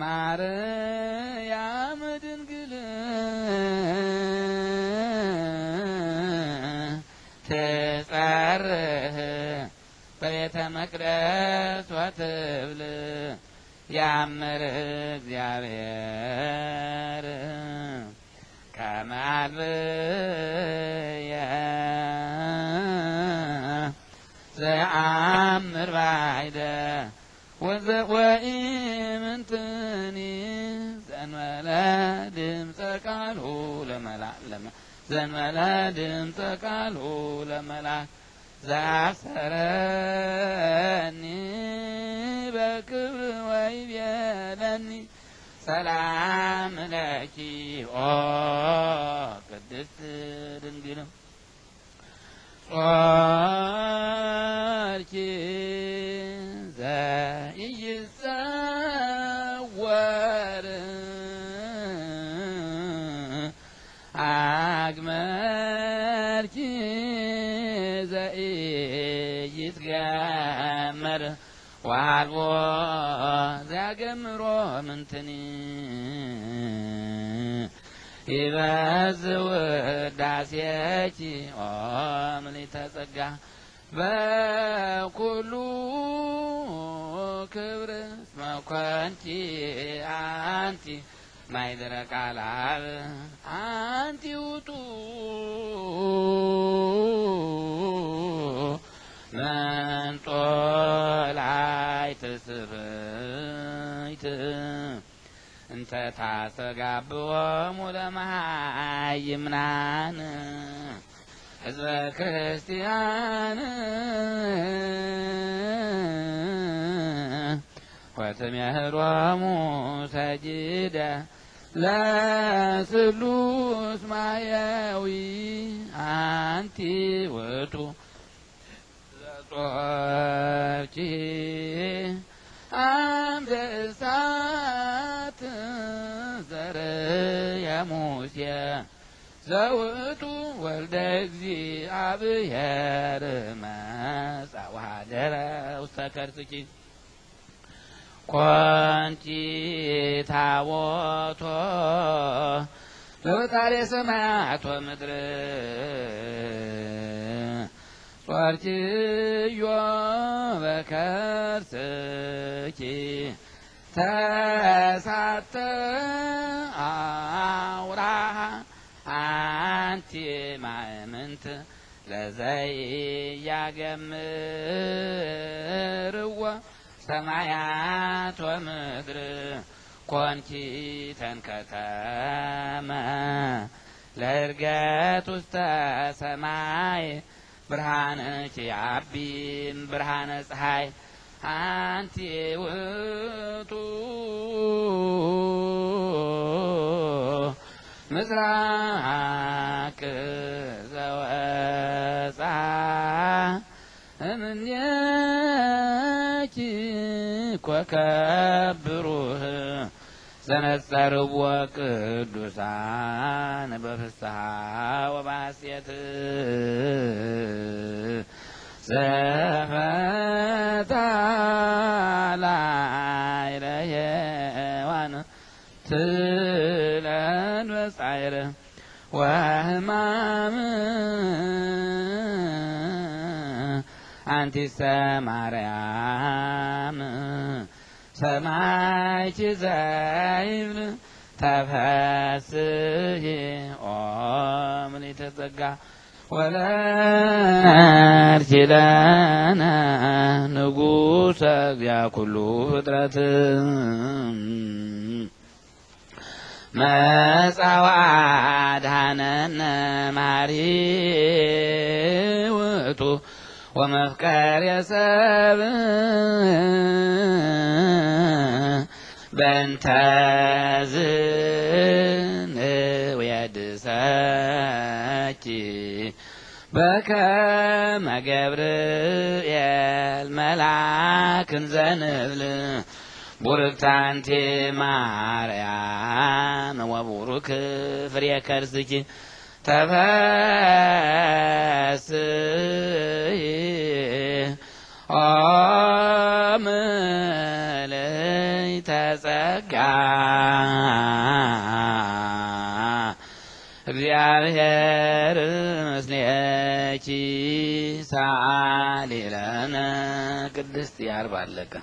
ማርያም ድንግል ትጻርህ በቤተ መቅደስ ወትብል ያምር እግዚአብሔር ከመ ዘአምር ባይደ ወዘወኢ ዘንትኒ ዘንበለ ድምፀ ቃልሁ ለመላእ ዘንበለ ድምፀ ቃልሁ ለመላእ ዘአብሰረኒ በክብር ወይቤለኒ ሰላም ለኪ ኦ ቅድስት ድንግል ጾርኪ ዘኢይጸ ዘይትጋመር ዋልቦ ዘገምሮ ምንትኒ ይበዝ ውዳሴኪ ኦምሊተ ጸጋ በኩሉ ክብር መኮንኪ አንቲ ማይደረ ቃላብ አንቲ ውጡ ዳዊት እንተ ታስተጋብዎሙ ለመሃይምናን ህዝበ ክርስቲያን ወትምህሮሙ ሰጅደ ለስሉስ ማየዊ አንቲ ውእቱ ዘጾብኪ አረ ያሙሴ ዘውቱ ወልደ እግዚአብሔር መጽአ ወኀደረ ውስተ ከርሥኪ ኮንቲ ታቦቶ በበጣሌ ሰማያት ወምድር ጾርኪዮ በከርሥኪ ተሳተ ሀቲ ማእምንት ለዘይያገምርዎ ሰማያት ወምድር ኮንኪ ተንከተመ ለእርገት ውስተ ሰማይ ብርሃነኪ አቢም ብርሃነ ፀሐይ አንቲ ውቱ ምስራቅ ዘወፃ እምኔኪ ኮከብ ዘነጸርዎ ቅዱሳን በፍስሐ ወባሴት ዘፈታ ላዕለ ሔዋን ወህማም አንቲሰ ማርያም ሰማይኪ ዘይብል ተፈስሂ ኦ ምልዕተ ጸጋ ወለድኪ ለነ ንጉሠ እግዚአ ኩሉ ፍጥረት መጻዋ ውእቱ ወመፍቀር የሰብ በእንተ ዝንውየድሰኪ በከመ ገብርኤል መልአክን ዘንብል ቡርክት ማርያም ወቡሩክ ፍሬ ከርስኪ ተፈስሒ ኦ ምልዕተ ጸጋ እግዚአብሔር ምስሌኪ ሳሊ ለነ ቅድስት ያርባለቀ